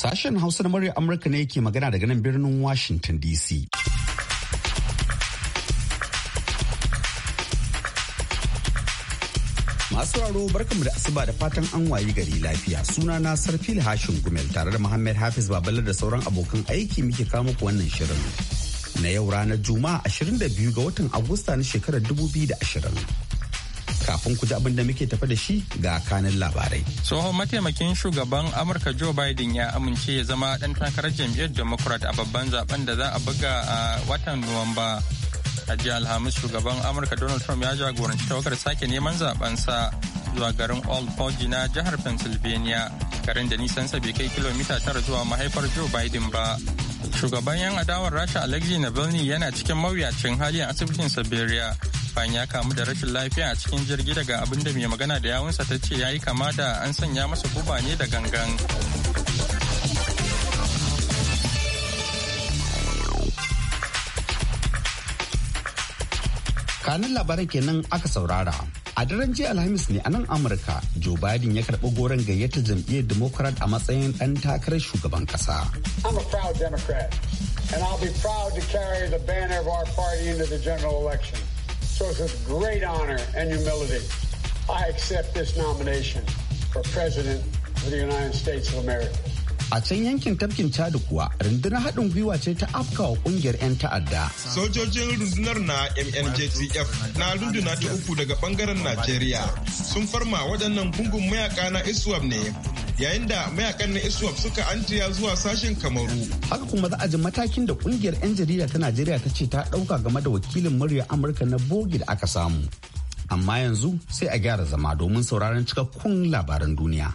Sashen Hausa na murya Amurka ne ke magana daga nan birnin Washington DC. Masu raro barkanmu da asuba da fatan an wayi gari lafiya suna na sarfil hashin gumel tare da Muhammad Hafiz Babalar da sauran abokan aiki muke kama ku wannan shirin. Na yau ranar Juma'a 22 ga watan Agusta na shekarar 2020. kafin ku ji abin da muke tafa da shi ga kanin labarai. Tsohon mataimakin shugaban Amurka Joe Biden ya amince ya zama ɗan takarar jam'iyyar Democrat a babban zaben da za a buga a watan Nuwamba. A Alhamis shugaban Amurka Donald Trump ya jagoranci tawagar sake neman zabensa zuwa garin Old Forge na jihar Pennsylvania, garin da nisansa bai kai kilomita tara zuwa mahaifar Joe Biden ba. Shugaban 'yan adawar Rasha Alexei Navalny yana cikin mawuyacin hali a asibitin Siberia bayan ya kamu da rashin lafiya a cikin jirgi daga abin da mai magana da yawunsa ta ce ya yi kama da an sanya masa guba ne da gangan kanin labaran kenan aka saurara a daren jiya alhamis ne a nan amurka joe biden ya karɓi goron gayyatar jam'iyyar democrat a matsayin ɗan takarar shugaban ƙasa And I'll be proud to carry the banner of our party into the general election. So it's with great honor and humility I accept this nomination for President of the United States of America. a can yankin tafkin chad kuwa rundunar haɗin gwiwa ce ta afka wa ƙungiyar 'yan ta'adda sojojin rundunar na mmjtf na runduna ta uku daga ɓangaren najeriya sun farma waɗannan gungun mayaka na iswap ne yayin da mayakan na iswap suka antiya zuwa sashen kamaru haka kuma za a ji matakin da kungiyar 'yan jarida ta najeriya ta ce ta dauka game da wakilin murya amurka na bogi da aka samu amma yanzu sai a gyara zama domin sauraron cikakkun labaran duniya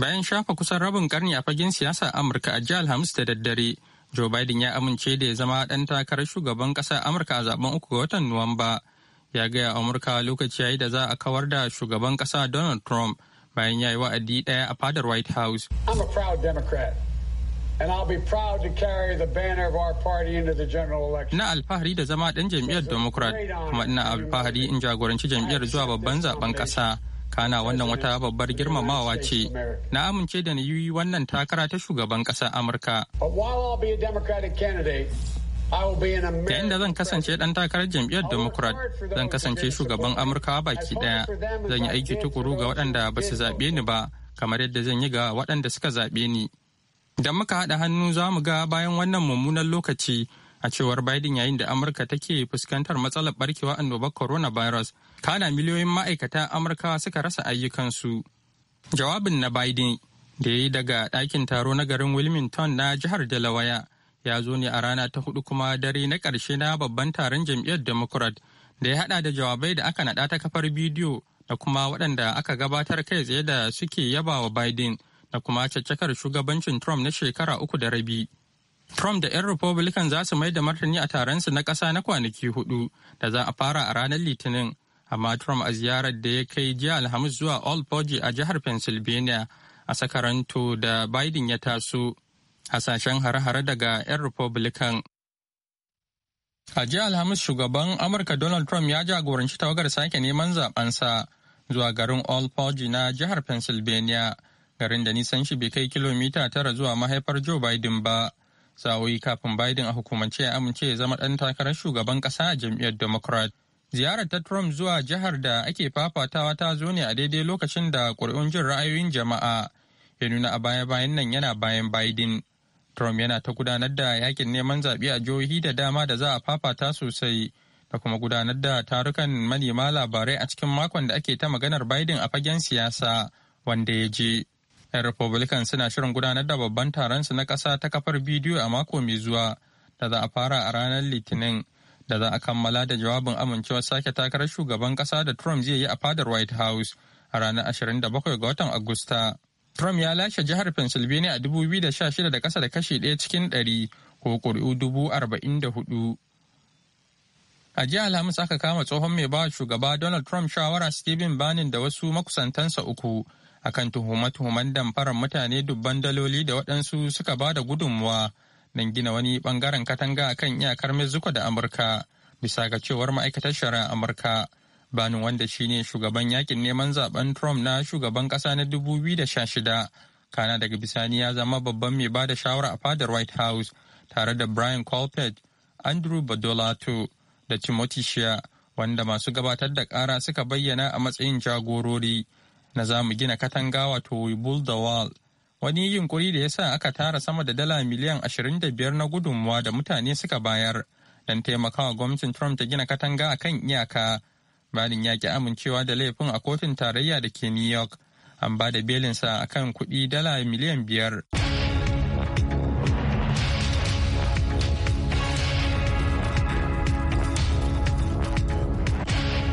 bayan shafa kusan rabin karni a fagen siyasa amurka a jihar hamis da daddare joe biden ya amince da ya zama ɗan takarar shugaban kasa amurka a zaben uku ga watan nuwamba ya gaya amurka lokaci yayi da za a kawar da shugaban kasa donald trump bayan ya yi wa'adi ɗaya a fadar white house i'm a proud democrat and be proud to carry the banner of general election. alfahari da zama ɗan jam'iyyar Democrat kuma ina alfahari in jagoranci jam'iyyar zuwa babban zaben ƙasa. Kana wannan wata babbar girmamawa ce, na amince da na yi wannan takara ta shugaban ƙasar Amurka. But be a Democratic candidate, yayin da zan kasance dan takarar jam'iyyar democrat zan kasance shugaban amurkawa baki daya zan yi aiki tukuru ga waɗanda ba su zaɓe ni ba kamar yadda zan yi ga waɗanda suka zaɓe ni idan muka haɗa hannu za mu ga bayan wannan mummunan lokaci a cewar biden yayin da amurka take fuskantar matsalar barkewa annobar coronavirus kana miliyoyin ma'aikata amurkawa suka rasa ayyukansu jawabin na biden da ya yi daga ɗakin taro na garin wilmington na jihar delaware ya zo ne a rana ta hudu kuma dare na ƙarshe na babban taron jam'iyyar democrat da ya haɗa da jawabai da aka naɗa ta kafar bidiyo da kuma waɗanda aka gabatar kai tsaye da suke yaba wa biden da kuma caccakar shugabancin trump na shekara uku da rabi. Trump da 'yan Republican za su mai da martani a taron su na ƙasa na kwanaki hudu da za a fara a ranar Litinin, amma Trump a ziyarar da ya kai jiya Alhamis zuwa Old a jihar Pennsylvania a Sakaranto da Biden ya taso hasashen hare-hare daga 'yan Republican. A jiya Alhamis shugaban Amurka Donald Trump ya jagoranci tawagar sake neman zabensa zuwa garin Old Forge na jihar Pennsylvania, garin da nisan shi bai kai kilomita tara zuwa mahaifar Joe Biden ba. Sa'o'i kafin Biden a hukumance ya amince ya zama ɗan takarar shugaban ƙasa a jam'iyyar Democrat. Ziyarar ta Trump zuwa jihar da ake fafatawa ta zo ne a daidai lokacin da ƙuri'un jin ra'ayoyin jama'a ya nuna a baya-bayan nan yana bayan Biden. Trump yana ta gudanar da yakin neman zaɓe a jihohi da dama da za a fafata sosai da kuma gudanar da tarukan manema labarai a cikin makon da ake ta maganar Biden a fagen siyasa wanda ya je. 'Yan Republican suna shirin gudanar da babban su na ƙasa ta kafar bidiyo a mako mai zuwa da za a fara a ranar Litinin da za a kammala da jawabin amincewar sake takarar shugaban ƙasa da Trump zai yi a fadar White House a ranar 27 ga watan Agusta. Trump ya lashe jihar Pennsylvania a 2016 da kasa da kashi ɗaya cikin ɗari ko ƙuri'u dubu arba'in da hudu. A jiya Alhamis aka kama tsohon mai bawa shugaba Donald Trump shawara Stephen Bannon da wasu makusantansa uku akan tuhume-tuhumen damfarar mutane dubban daloli da waɗansu suka ba da gudunmuwa don gina wani bangaren katanga akan iyakar Mexico da Amurka bisa ga cewar ma'aikatar shari'a Amurka. Bani wanda shi ne shugaban yakin neman zaben Trump na shugaban kasa na 2016 kana daga bisani ya zama babban mai bada shawara a fadar White House tare da Brian Colpert, Andrew Badolato da Timothy Shea wanda masu gabatar da kara suka bayyana a matsayin jagorori na zamu gina katanga wato We Build the Wall. Wani yunkuri da ya sa aka tara sama da dala miliyan 25 na gudunmuwa da mutane suka bayar don taimakawa gwamnatin Trump ta gina katanga a kan iyaka. banin ya ki amincewa da laifin a kotun tarayya da ke new york an ba da belinsa a kan kuɗi dala miliyan biyar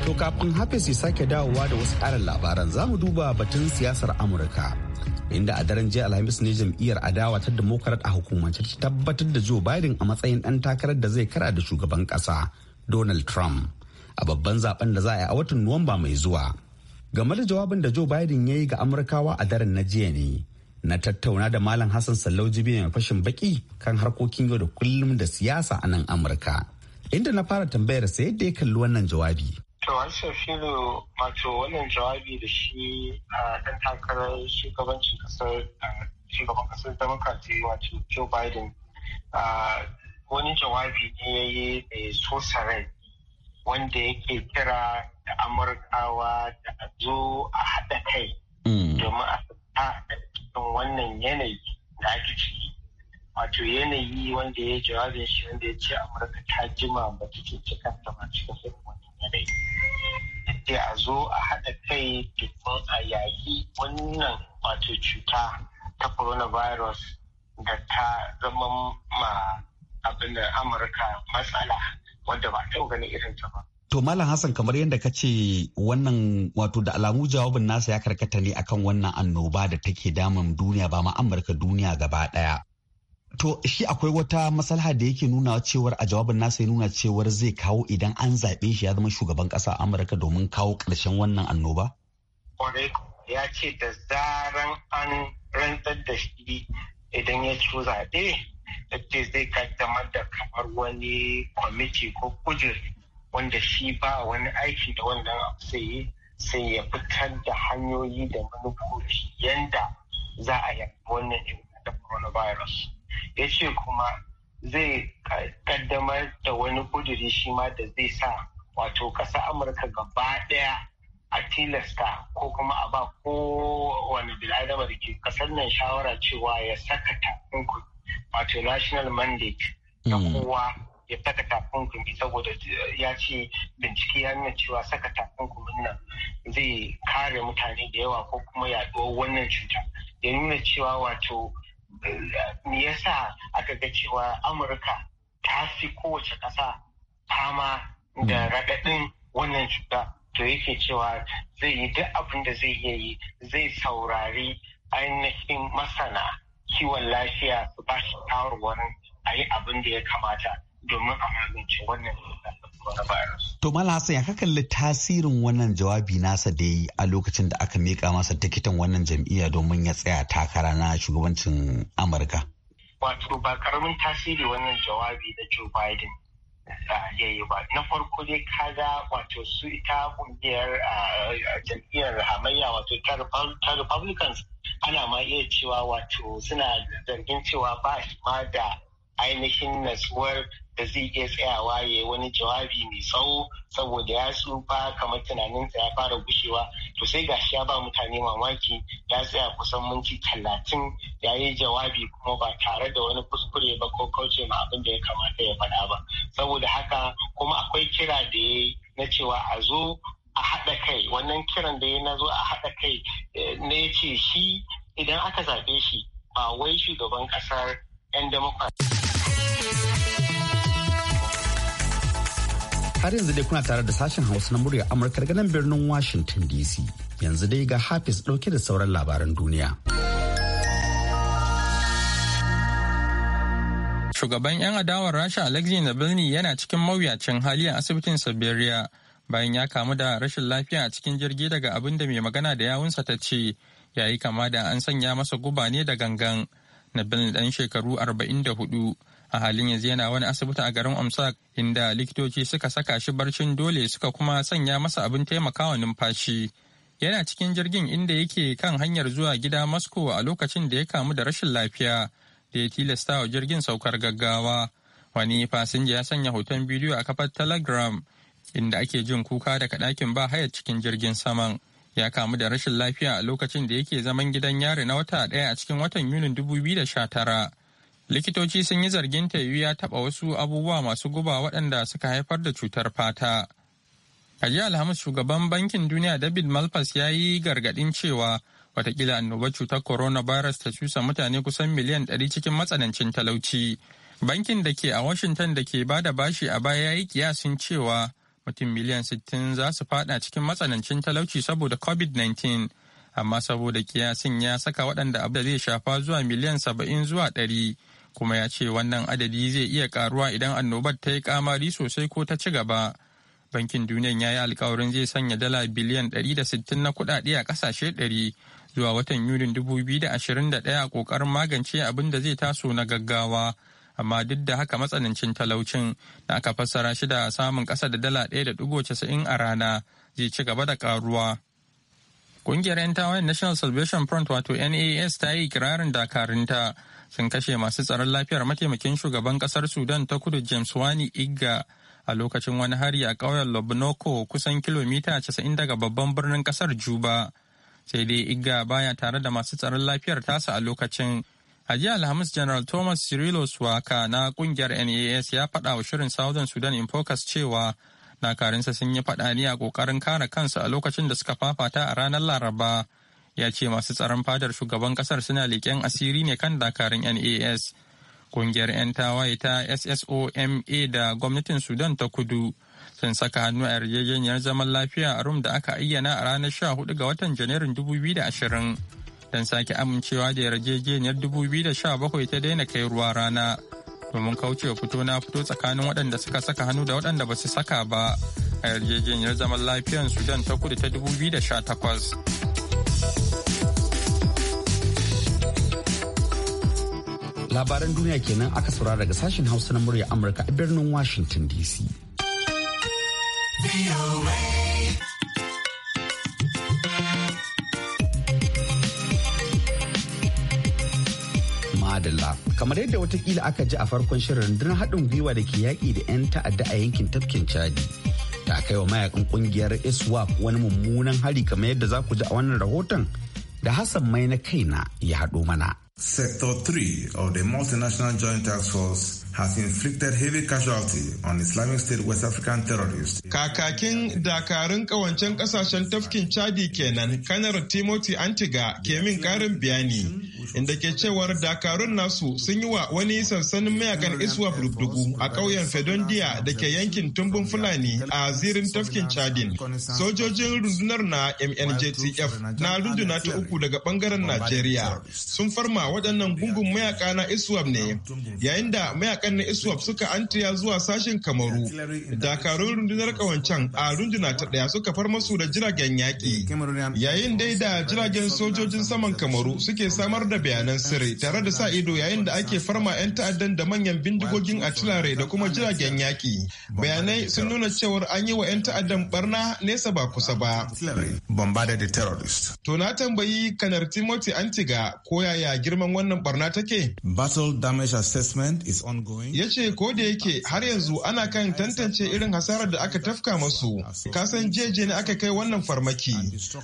to kafin hafis ya sake dawowa da wasu ƙarin labaran za mu duba batun siyasar amurka inda a daren jiya alhamis ne jam'iyyar adawa ta democrat a hukumance ta tabbatar da joe biden a matsayin dan takarar da zai kara da shugaban kasa donald trump a babban zaben da za a yi a watan nuwamba mai zuwa game da jawabin da joe biden ya yi ga amurkawa a daren na jiya ne na tattauna da malam hassan sallau jibi mai fashin baki kan harkokin yau da kullum da siyasa a nan amurka inda na fara tambayar sa yadda ya kalli wannan jawabi to harshen filo wato wannan jawabi da shi a dan takarar shugabancin kasar shugaban kasar demokrati wato joe biden wani jawabi ne ya yi mai so sarai wanda yake kira da amurkawa da zo a haɗa kai mm. domin a ta cikin wannan yanayi da ake ciki wato yanayi wanda ya jawabin shi wanda ya ce amurka ta jima ba ta ke cikin ta ba cikin irin wannan yanayi Yadda a zo a haɗa kai domin a yayi wannan wato cuta ta coronavirus da ta zama ma abin da amurka matsala wanda ba taɓa ganin irin ta ba. To Malam Hassan kamar yadda ka ce wannan wato da alamu jawabin nasa ya karkata ne akan wannan annoba da take damun duniya ba ma Amurka duniya gaba ɗaya. To shi akwai wata masalha da yake nuna cewar a jawabin nasa ya nuna cewar zai kawo idan an zaɓe shi ya zama shugaban ƙasa Amurka domin kawo ƙarshen wannan annoba? Kwarai ya ce da zaran an rantsar da shi idan ya ci zaɓe ce zai kaddamar da kamar wani kwamiti ko kujeri wanda shi ba wani aiki da wannan abu yi sai ya fitar da hanyoyi da manufofi yanda za a yi wannan da coronavirus ya ce kuma zai kaddamar da wani kuduri shi ma da zai sa wato ƙasa amurka gaba daya a tilasta ko kuma a ba wani bil'adama da ke ƙasar nan shawara cewa ya saka takunkumi wato national mandate na hmm. kowa ya saka takunkumi saboda ya ce bincike ya nuna cewa saka takunkumin nan zai kare mutane da yawa ko kuma yaduwar wannan cuta ya nuna cewa wato eh, me yasa aka ga cewa amurka ta fi kowace ƙasa fama da hmm. raɗaɗin wannan cuta to yake cewa zai yi duk abin da zai iya yi zai saurari ainihin masana kiwon lafiya su ba shi shawarwarin a yi abin da ya kamata domin a magance wannan To Mala Hassan ya kalli tasirin wannan jawabi nasa da yi a lokacin da aka miƙa masa tikitin wannan jam'iyya domin ya tsaya takara na shugabancin Amurka. Wato ba karamin tasiri wannan jawabi da Joe Biden ya yi ba. Na farko dai kaga wato su ita kungiyar jam'iyyar hamayya wato ta Republicans ana ma iya cewa wato suna zargin cewa ba shi ma da ainihin natsuwar da zai iya tsayawa ya wani jawabi mai tsawo saboda ya tsufa kamar tunaninsa ya fara gushewa to sai gashi ya ba mutane mamaki ya tsaya kusan minti talatin ya yi jawabi kuma ba tare da wani kuskure ba ko kauce ma abin da ya kamata ya faɗa ba saboda haka kuma akwai kira da ya na cewa a zo haɗa kai wannan kiran da ya nazo a haɗa kai eh, ne ce shi idan aka zaɓe shi ba wai shugaban ƙasar 'yan democrat har yanzu dai kuna tare da sashen hausa na murya amurka daga nan birnin washington dc yanzu dai ga hafiz ɗauke da sauran labaran duniya shugaban 'yan adawar rasha alexei navalny yana cikin mawuyacin hali a asibitin siberia bayan ya kamu da rashin lafiya a cikin jirgi daga abin da mai magana da yawunsa ta ce ya yi kama da an sanya masa guba ne da gangan bin dan shekaru 44 a halin yanzu yana wani asibiti a garin omsak inda likitoci suka saka shi barcin dole suka kuma sanya masa abin taimakawa numfashi yana cikin jirgin inda yake kan hanyar zuwa gida moscow a lokacin da ya kamu da rashin lafiya da ya tilasta wa jirgin saukar gaggawa wani fasinja ya sanya hoton bidiyo a kafar telegram inda ake jin kuka daga ɗakin ba haya cikin jirgin saman ya kamu da rashin lafiya a lokacin da yake zaman gidan yari na wata ɗaya a cikin watan yunin tara. likitoci sun yi zargin ta ya taɓa wasu abubuwa masu guba waɗanda suka haifar da cutar fata a jiya alhamis shugaban bankin duniya david malpas ya yi gargaɗin cewa watakila annobar cutar coronavirus ta cusa mutane kusan miliyan ɗari cikin matsanancin talauci bankin da ke a washington da ke ba da bashi a baya ya yi kiyasin cewa mutum miliyan 60 za su fada cikin matsanancin talauci saboda covid-19 amma saboda kiyasin ya saka waɗanda abu da zai shafa zuwa miliyan 70 zuwa 100 kuma ya ce wannan adadi zai iya karuwa idan annobar ta yi kamari sosai ko ta ci gaba bankin duniyan ya yi alkawarin zai sanya dala biliyan 160 na kuɗaɗe a kasashe 100 zuwa watan yunin 2021 a ƙoƙarin magance abin da zai taso na gaggawa amma duk da haka matsanancin talaucin da aka fassara shi da samun ƙasa da dala ɗaya da ɗigo casa'in a rana zai ci gaba da ƙaruwa. Ƙungiyar 'yan tawayen National Salvation Front wato NAS ta yi kirarin dakarunta sun kashe masu tsaron lafiyar mataimakin shugaban ƙasar Sudan ta kudu James Wani Igga a lokacin wani hari a ƙauyen Lobnoko kusan kilomita 90 daga babban birnin ƙasar Juba. Sai dai Igga baya tare da masu tsaron lafiyar tasa a lokacin A jiya Alhamis General Thomas Cirilo Suwaka na kungiyar NAS ya faɗa wa shirin Southern Sudan in Focus cewa dakarinsa sun yi faɗa ne a ƙoƙarin kare kansu a lokacin da suka fafata a ranar Laraba. Ya ce masu tsaron fadar shugaban ƙasar suna leƙen asiri ne kan dakarun NAS. Kungiyar 'yan tawaye ta SSOMA da gwamnatin Sudan ta kudu sun saka hannu a yarjejeniyar zaman lafiya a Rum da aka ayyana a ranar 14 ga watan Janairun 2020. don sake amincewa da yarjejeniyar 2017 ta daina kai ruwa rana domin kaucewa fito na fito tsakanin waɗanda suka saka hannu da waɗanda ba su saka ba a yarjejeniyar zaman lafiyar sudan ta kudu ta 2018 labaran duniya kenan aka saura daga sashen hausa na murya amurka a birnin washington dc Madalla. Kamar yadda watakila aka ji a farkon shirin rundunar haɗin gwiwa da ke yaƙi da 'yan ta'adda a yankin tafkin Chadi. Ta kai wa mayakan ƙungiyar ISWAP wani mummunan hari kamar yadda za ku ji a wannan rahoton da Hassan mai na kaina ya haɗo mana. Sector 3 of the Multinational Joint Task Force has inflicted heavy casualty on Islamic State West African terrorists. Kakakin dakarun kawancen kasashen tafkin Chadi kenan, kanar Timothy Antiga ke min karin bayani. inda ke cewar dakarun nasu sun yi wa wani sansanin mayakan iswa rubdugu a ƙauyen fedondiya da ke yankin tumbun fulani a zirin tafkin chadin sojojin rundunar na mnjtf na runduna ta uku daga bangaren najeriya sun farma waɗannan gungun mayaka na iswa ne yayin da mayakan na iswa suka antiya zuwa sashen kamaru dakarun rundunar ƙawancen a runduna ta ɗaya suka far masu da jiragen yaƙi yayin dai da jiragen sojojin saman kamaru suke samar da bayanan sirri tare da sa ido yayin da ake farma 'yan ta'addan da manyan bindigogin atilare da kuma jiragen yaki Bayanai sun nuna cewar an yi wa 'yan ta'addan barna nesa ba kusa ba. To na tambayi kanar Timothy Antiga ko yaya girman wannan barna take? Battle damage assessment is ongoing. Ya ko da yake har yanzu ana kan tantance irin hasarar da aka tafka masu. Kasan jeje ne aka kai wannan farmaki.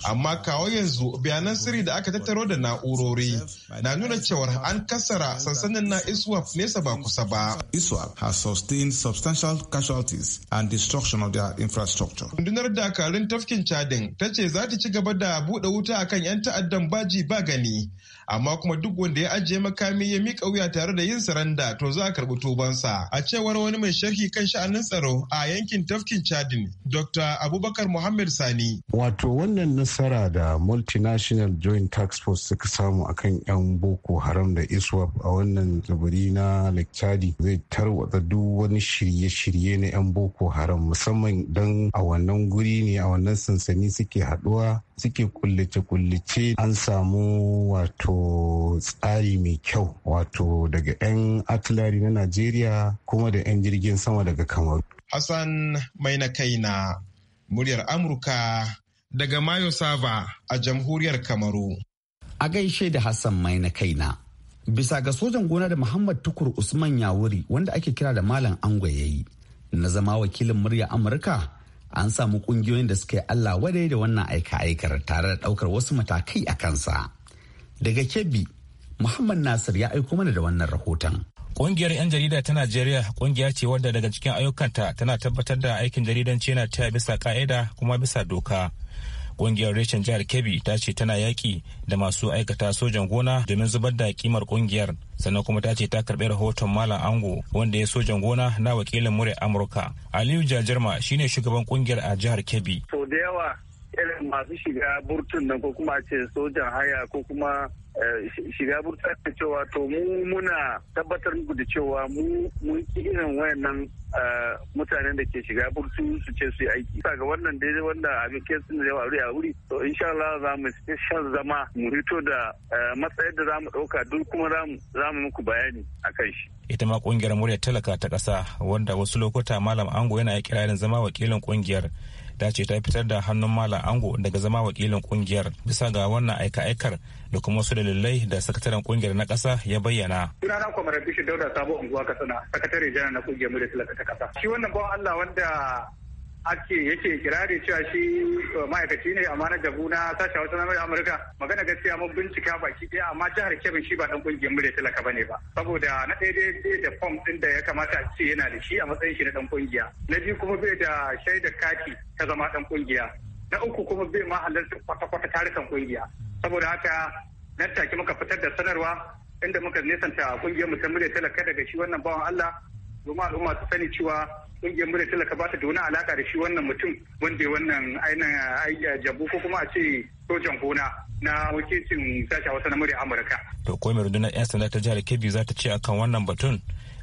Amma kawo yanzu bayanan sirri da aka tattaro da na'urori. na nuna cewar an kasara sansanin na ISWAP nesa ba kusa ba. ISWAP has sustained substantial casualties and destruction of their infrastructure. Rundunar dakarun tafkin Chadin ta ce za ta ci gaba da buɗe wuta akan 'yan ta'addan baji ba gani. amma kuma duk wanda ya ajiye makami ya mika wuya tare da yin saranda to za a karbi tubansa a cewar wani mai sharhi kan sha'anin tsaro a yankin tafkin chadin dr abubakar muhammad sani wato wannan nasara da multinational joint tax force suka samu akan yan boko haram da iswap a wannan tsibiri na lake zai tarwatsa duk wani shirye-shirye na yan boko haram musamman don a wannan guri ne a wannan sansani suke haduwa suke kullace-kullace an samu wato wato tsari mai kyau wato daga 'yan atilari na najeriya kuma da 'yan jirgin sama daga kamaru hassan mai na kai muryar amurka daga mayo sava a jamhuriyar kamaru a gaishe da hassan mai na kaina bisa ga sojan gona da muhammad tukur usman yawuri wanda ake kira da malam angwa yayi, na zama wakilin murya amurka an samu kungiyoyin da suka yi allah wadai da wannan aika-aikar tare da ɗaukar wasu matakai a kansa Daga Kebbi, Muhammad Nasir ya aiko mana da wannan rahoton. Ƙungiyar 'yan jarida ta Najeriya ƙungiya ce wadda daga cikin ayyukanta tana tabbatar da aikin jaridanci yana ta bisa ƙa'ida kuma bisa doka. Ƙungiyar reshen jihar Kebbi ta ce tana yaƙi da masu aikata sojan gona domin zubar da kimar ƙungiyar. Sannan kuma ta ce ta karɓi rahoton Malam Ango wanda ya sojan gona na wakilin murya Amurka. Aliyu Jajirma shine shugaban ƙungiyar a jihar Kebbi. da yawa irin masu shiga burtun nan ko kuma ce sojan haya ko kuma eh, shiga burtun da cewa to mu muna tabbatar muku da cewa mu mun ki irin wayannan eh, mutanen da ke shiga burtu su ce su yi aiki. Sa ga wannan daidai wanda abin ke sun da yawa a wuri to insha Allah za mu shan zama mu hito da eh, matsayar da za mu ɗauka duk kuma za mu muku bayani a kan shi. Ita ma kungiyar murya talaka ta kasa wanda wasu lokuta malam ango yana kirarin zama wakilin kungiyar. ta ce ta fitar da hannun malam ango daga zama wakilin kungiyar bisa ga wannan aika-aikar da kuma wasu dalilai da sakataren kungiyar na kasa ya bayyana. Sunana kwamarar bishin Dauda Sabo Unguwa kasana sakatare janar na kungiyar mu da talaka ta kasa. Shi wannan bawan Allah wanda ake yake kirari cewa shi uh, ma'aikaci ne amma na jabu na sashen wasu a amurka magana gaskiya mun bincika baki ɗaya amma jihar kebin shi ba ɗan ƙungiyar murya talaka bane ba saboda na ɗaya dai da fom ɗin da ya kamata a ce yana da shi a matsayin shi na ɗan ƙungiya na biyu kuma bai da shaida kati ta zama ɗan ƙungiya na uku kuma bai ma halarta kwata-kwata tarukan kungiya saboda haka nan take muka fitar da sanarwa inda muka nesanta ƙungiyar mu ta murya talaka daga shi wannan bawan Allah domin al'umma su sani cewa kungiyar murya talaka ba ta da wani alaka da shi wannan mutum wanda wannan ainihin jabu ko kuma a ce sojan gona na wakilcin sashi wasu na murya amurka. to ko mai rundunar yan sanda ta jihar kebbi za ta ce akan wannan batun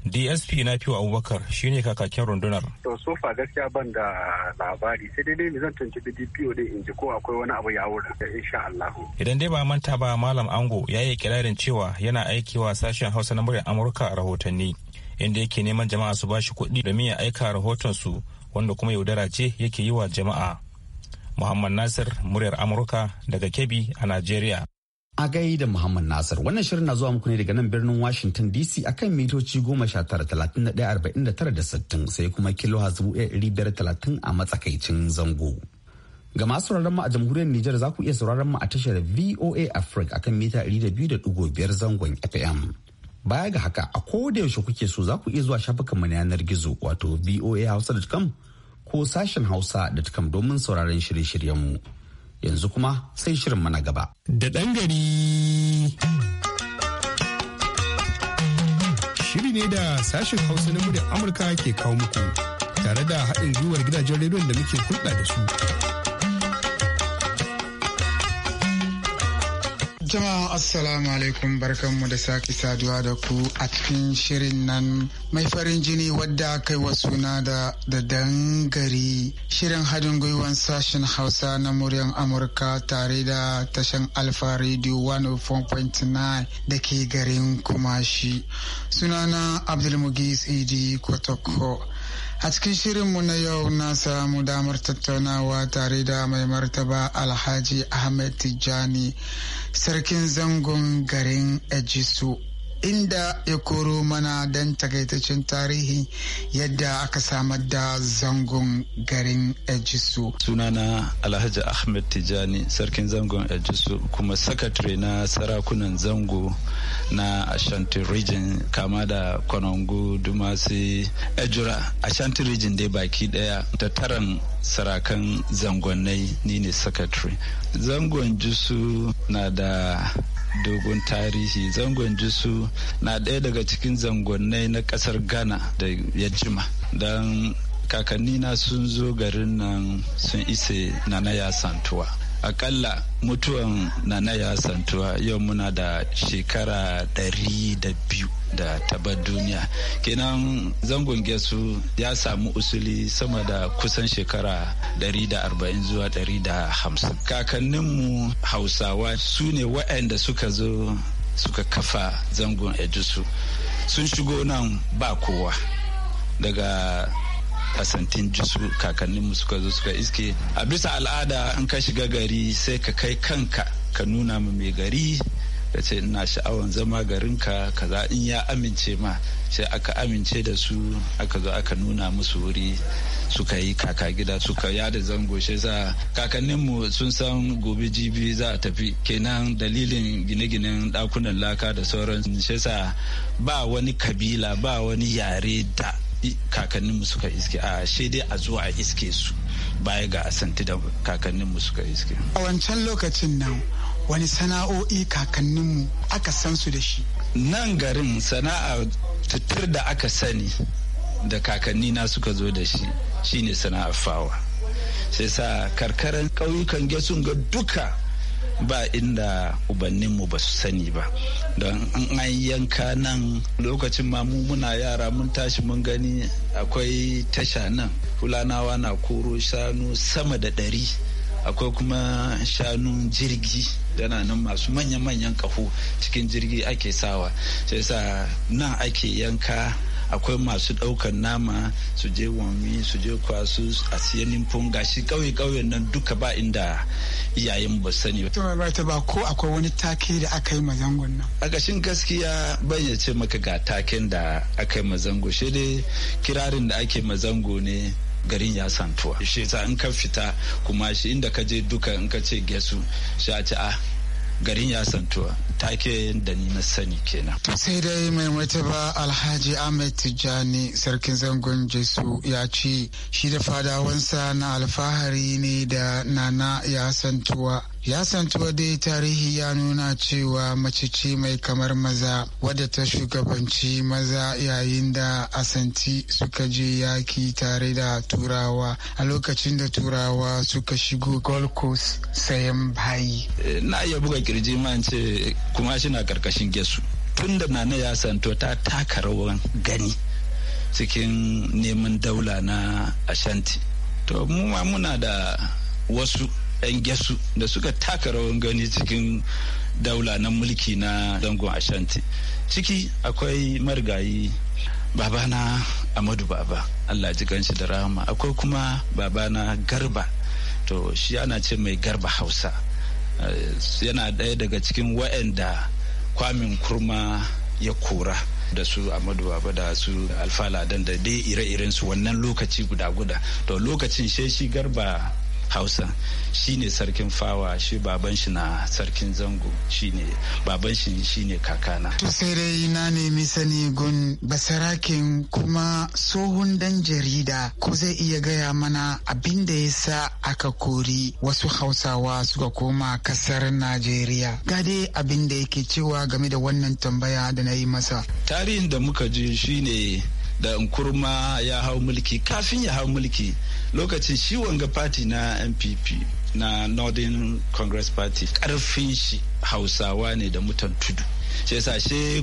dsp na fiwa abubakar shi ne kakakin rundunar. to so fa gaskiya ban da labari sai dai ne zan tuntubi dpo dai in ji ko akwai wani abu ya wuri da insha allahu. idan dai ba manta ba malam ango ya yi kirarin cewa yana aiki wa sashen hausa na muryar amurka a rahotanni. inda yake neman jama'a su bashi kuɗi domin ya aika rahoton su wanda kuma yaudara ce yake yi wa jama'a. Muhammad Nasir muryar Amurka daga Kebbi a Najeriya. A gaida Muhammad Nasir wannan shirin na zuwa muku ne daga nan birnin Washington DC akan mitoci goma sha tara sai kuma kilo dubu a matsakaicin zango. Ga masu sauraron mu a jamhuriyar Nijar za ku iya sauraron mu a tashar VOA Africa akan mita ɗari zangon FM. Baya ga haka a ko da yaushe kuke so za ku iya zuwa shafukanmu na yanar gizo wato voahausa.com ko sashen hausa.com domin sauraron shirye-shiryenmu. Yanzu kuma sai shirin mana gaba. Da ɗan gari. Shiri ne da sashen hausa na muryar Amurka ke kawo muku tare da haɗin gwiwar gidajen rediyon da muke hulɗa da su. Jama'a Assalamu alaikum barkanmu da sake saduwa da ku a cikin shirin nan mai farin jini wadda kai wa suna da dangari shirin haɗin gwiwan sashen Hausa na muryan Amurka tare da tashan Alfa Radio 104.9 da ke garin Kumashi. Sunana Abdulmugis Idi Kotoko. A cikin shirinmu na yau na samu damar tattaunawa tare da mai martaba Alhaji Ahmed Tijjani, sarkin zangon garin Ejisu inda ya koro mana don takaitaccen tarihi yadda aka samar da zangon garin ejisu sunana alhaji ahmed tijani sarkin zangon ejisu kuma sakatare na sarakunan zango na ashanti region kama da konongo dumasi ejura ashanti region dai baki daya da taran sarakan zangonai ni ne sakatare zangon jisu na da dogon tarihi zangon jisu na ɗaya daga cikin zangonnai na ƙasar ghana da ya jima don kakannina sun zo garin nan sun ise na ya santuwa akalla mutuwan nana ya santuwa yau muna da shekara ɗari da biyu da tabar duniya kenan zangon gesu ya samu usuli sama da kusan shekara da arba'in zuwa da hamsin kakanninmu hausawa su ne waɗanda suka zo suka kafa zangon edusu sun shigo nan ba kowa daga kasantin jisu kakanninmu suka zo suka iske a bisa al'ada in ka shiga gari sai ka kai kanka ka nuna mu mai gari da ce ina sha'awan zama garinka kaza in ya amince ma sai aka amince da su aka zo aka nuna musu wuri suka yi kaka gida suka yada zango shi sa kakanninmu sun san gobe jibi za a tafi kenan dalilin gine-ginen dakunan laka da sauran shi sa ba wani kabila ba wani yare da kakanninmu suka iske a she dai a zuwa a iske su baya ga asanti da kakanninmu suka iske a wancan lokacin nan wani sana'o'i kakanninmu aka san su da shi nan garin sana'a tutur da aka sani da kakanni na suka zo da shi shine sana'a fawa sai sa karkarar ƙauyukan gesun ga duka ba inda ubanninmu ba su sani ba don an yanka nan lokacin ma mu muna yara mun tashi mun gani akwai tasha nan fulanawa na koro shanu sama da ɗari akwai kuma shanun jirgi yana nan masu manya-manyan kafu cikin jirgi ake sawa sai sa nan ake yanka akwai masu ɗaukan nama su je wami su je kwasu a siya nimfin gashi ƙauye ƙauye nan duka ba inda iyayen ba sani. ba ko akwai wani take da aka yi mazangon nan. A gashin gaskiya ban ya ce maka ga taken da aka yi mazango shi dai kirarin da ake mazango ne garin ya santuwa. Shi in ka fita kuma shi inda ka je duka in ka ce gesu shi a ce ah garin ya santuwa take da ni na sani kenan. sai dai mai martaba alhaji ahmed tijjani sarkin zangon jesu ya ce shi da fadawansa na alfahari ne da nana ya santuwa ya santuwa dai tarihi ya nuna cewa mace ce mai kamar maza wadda ta shugabanci maza yayin da asanti suka je yaki tare da turawa a lokacin da turawa suka shigo gold coast sayan bayi eh, na iya buga kirji man ce kuma shi na karkashin gesu tun da nana ya santo ta taka rawan gani cikin neman daula na ashanti to mu ma muna da wasu 'yan gesu da suka taka rawan gani cikin daula na mulki na dangon ashanti ciki akwai marigayi babana amadu baba allah ji ganshi da rahama akwai kuma babana garba to shi ana ce mai garba hausa eh, yana ɗaya daga cikin wa'anda kwamin kurma ya kora da su amadu baba da su alfala dan da dai ire-irensu wannan lokaci guda-guda to lokacin sheshi garba hausa shine sarkin fawa shi baban shi na sarkin zango shine baban shi shine kakana to sai dai na nemi sani gun basarakin kuma tsohon dan jarida ko zai iya gaya mana abin da ya sa aka kori wasu hausawa suka koma kasar najeriya ga dai abin da yake cewa game da wannan tambaya da na yi masa tarihin da muka je shine da nkurma ya hau mulki kafin ya hau mulki lokacin shi wanga party na npp na northern congress party karfin shi hausawa ne da mutan tudu shi yasa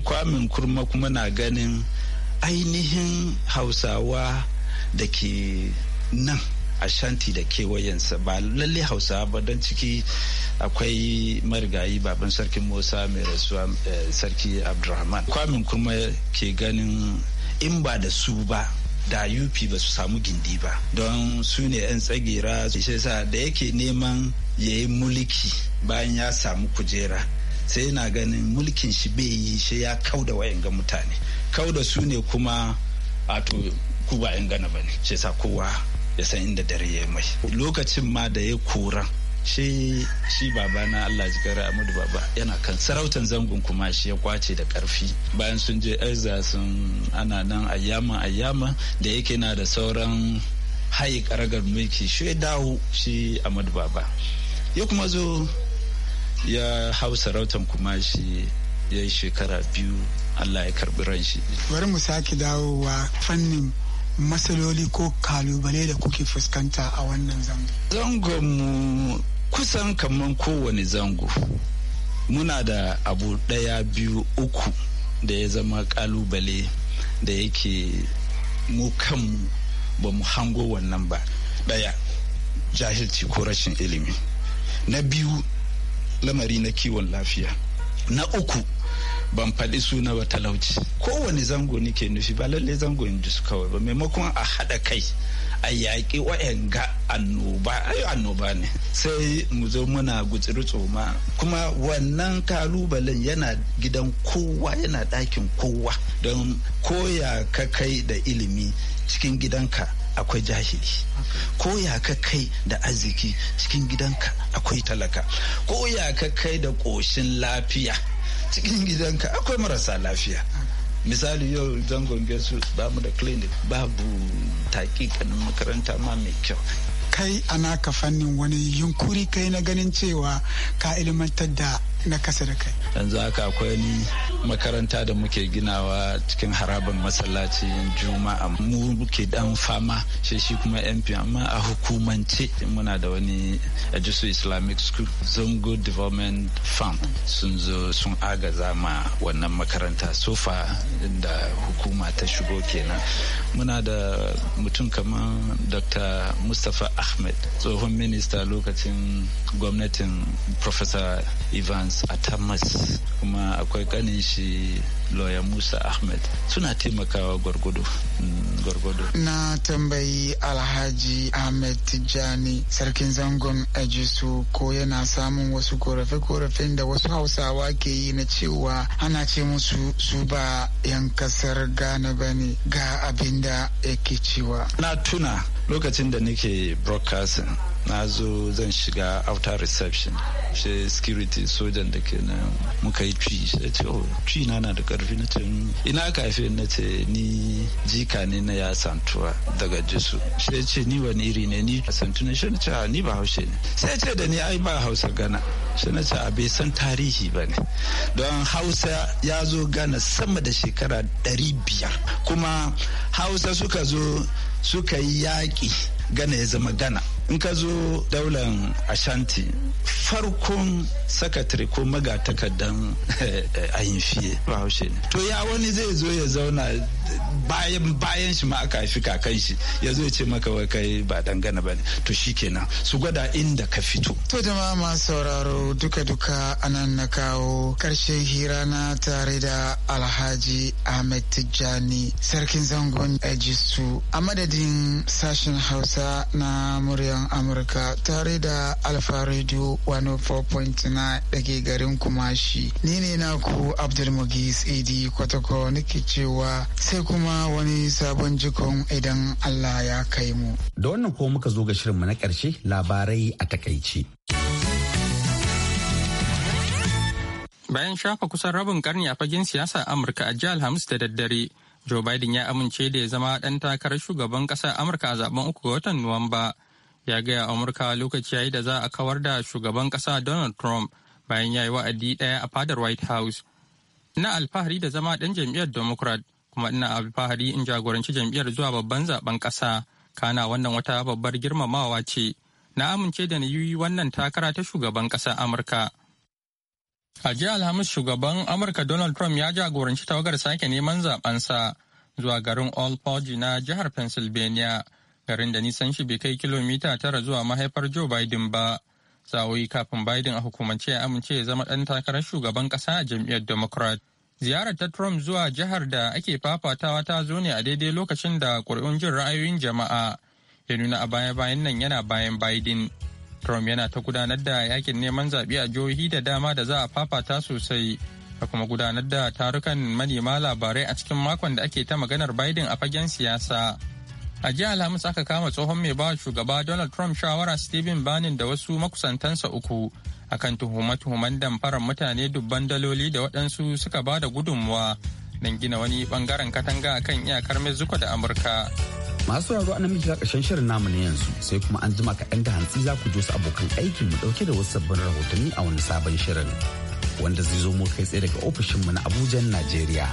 kwamin kurma kuma na ganin ainihin hausawa da ke nan a shanti da kewayensa ba lalle hausa ba don ciki akwai marigayi baban sarkin musa mai rasuwa eh, sarki abdulrahman kwamin kurma ke ganin in ba da su ba da UP ba su samu gindi ba don su ne 'yan tsagera shi sa da yake neman ya yi mulki bayan ya samu kujera sai yana ganin mulkin shi bai yi shi ya kau da ga mutane kau da su ne kuma a to ku ba 'yan gana ba ne shi sa kowa ya san inda dare ya mai lokacin ma da ya koran shi shi baba na Allah ji kare Ahmadu baba yana kan sarautan zangon kuma shi ya kwace da karfi bayan sun je Aiza sun ana nan ayyama ayyama da yake na da sauran hayi karagar mulki shi ya dawo shi Ahmadu baba ya kuma zo ya hau sarautan kuma shi ya yi shekara biyu Allah ya karbi ran shi bari mu sake dawowa fannin matsaloli ko kalubale da kuke fuskanta a wannan zango? Zangonmu kusan kamar kowane zango muna da abu ɗaya biyu uku da ya zama kalubale da yake mu kanmu ba mu hango wannan ba ɗaya jahilci ko rashin ilimi na biyu lamari na kiwon lafiya na uku ban faɗi suna ba talauci kowane zango ke nufi ba lalle zango in su kawai ba maimakon a haɗa kai a yaƙi wa'yan ga annoba ayo annoba ne sai mu zo muna gutsiri tsoma kuma wannan kalubalen yana gidan kowa yana ɗakin kowa don koya ka kai da ilimi cikin gidanka akwai jahili ko ya ka kai da arziki cikin gidanka akwai talaka ko ya ka kai da ƙoshin lafiya cikin gidanka akwai marasa lafiya misali yau zangon su ba mu da clinic babu takikanin makaranta ma mai kyau kai ana naka fannin wani yunkuri kai na ganin cewa ka ilimantar da na kasa da kai yanzu haka akwai ni makaranta da muke ginawa cikin harabar masallacin juma'a mu muke dan fama shi shi kuma mp amma a hukumance muna da wani ajisu islamic school zongo development fund sun zo sun agaza ma wannan makaranta sofa da hukuma ta shigo kenan muna da mutum kamar dr mustapha ahmed tsohon minista lokacin gwamnatin professor ivan Evans Atamas kuma akwai kanin shi lawyer Musa Ahmed suna taimakawa gwargwado. Mm, gwargwado. Na tambayi Alhaji Ahmed tijani sarkin zangon Ejisu ko yana samun wasu korafe-korafen da wasu Hausawa ke yi na cewa ana ce musu su ba 'yan kasar Ghana bane ga abinda yake cewa. Na tuna lokacin da nake broadcasting na zo zan shiga outer reception shi security sojan da ke nan muka yi ci sai ce oh ci na na da karfi na ce hmm. ina kafe na ce ni jika ne na ya santuwa daga jisu sai ce ni wani iri ne ni santu ne shi na ce ah, ni ba haushe ne sai ce da ni ai ba hausa gana shi na ce a ah, bai san tarihi ba ne don hausa ya zo gana sama da shekara 500 biyar kuma hausa suka zo suka yi yaƙi gana ya zama gana in ka zo daular ashanti farkon sakatare ko magatakardan eh, eh, ayin fiye ne to ya wani zai zo ya zauna bayan bayan shi ma aka haifi kakan shi ya zo ce maka wai kai ba dangana ba ne to kenan su gwada inda ka fito to da masu sauraro duka duka anan na kawo karshen hira na tare da alhaji ahmed tijjani sarkin zangon ejistu a madadin sashen hausa na muryan amurka tare da alfa radio 104.9 dake garin kumashi ni ne naku abdulmugis edi kwatakwa nake cewa sai sai kuma wani sabon jikon idan Allah ya kai mu. Da wannan ko muka zo ga shirinmu na ƙarshe labarai a takaici. Bayan shafa kusan rabin karni a fagen siyasa Amurka a jihar Hamis da daddare, Joe Biden ya amince da ya zama ɗan takarar shugaban ƙasar Amurka a zaben uku ga watan Nuwamba. Ya gaya Amurka lokaci yayi da za a kawar da shugaban ƙasa Donald Trump bayan ya yi wa'adi ɗaya a fadar White House. Na alfahari da zama ɗan jam'iyyar Democrat kuma ina alfahari in jagoranci jam'iyyar zuwa babban zaben ƙasa kana wannan wata babbar girmamawa ce na amince da na yi wannan takara ta shugaban ƙasar amurka a jiya alhamis shugaban amurka donald trump ya jagoranci tawagar sake neman zabensa zuwa garin old Forge na jihar pennsylvania garin da nisan shi bai kai kilomita tara zuwa mahaifar joe biden ba sa'o'i kafin biden a hukumance ya amince ya zama ɗan takarar shugaban ƙasa a jam'iyyar democrat Ziyarar ta Trump zuwa jihar da ake fafatawa ta zo ne a daidai lokacin da ƙuri'un jin ra'ayoyin jama'a ya nuna a baya-bayan nan yana bayan Biden. Trump yana ta gudanar da yakin neman zaɓe a jihohi da dama da za a fafata sosai da kuma gudanar da tarukan manema labarai a cikin makon da ake ta maganar Biden a fagen siyasa. A jiya Alhamis aka kama tsohon mai bawa shugaba Donald Trump shawara Stephen Bannon da wasu makusantansa uku akan tuhume-tuhumen damfarar mutane dubban daloli da waɗansu suka ba da gudunmuwa don gina wani bangaren katanga a kan iyakar mexico da amurka masu raro a miji ƙarshen shirin namu na yanzu sai kuma an jima kaɗan da hantsi za ku ji wasu abokan aikin mu ɗauke da wasu sabbin rahotanni a wani sabon shirin wanda zai zo mu kai tsaye daga ofishinmu na abuja najeriya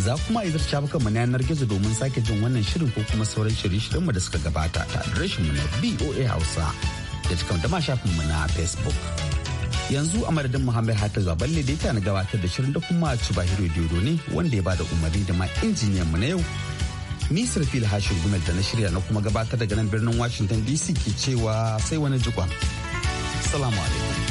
za kuma izar shafukan mu na yanar gizo domin sake jin wannan shirin ko kuma sauran shirye-shiryen mu da suka gabata ta adireshin mu na voa hausa da cikin da ma na facebook yanzu a madadin muhammad zuwa balle da ita na gabatar da shirin da kuma cibahiru diodo ne wanda ya bada umarni da ma injiniyan mu na yau ni fil hashin gumel da na shirya na kuma gabatar daga nan birnin washington dc ke cewa sai wani jikwa salamu alaikum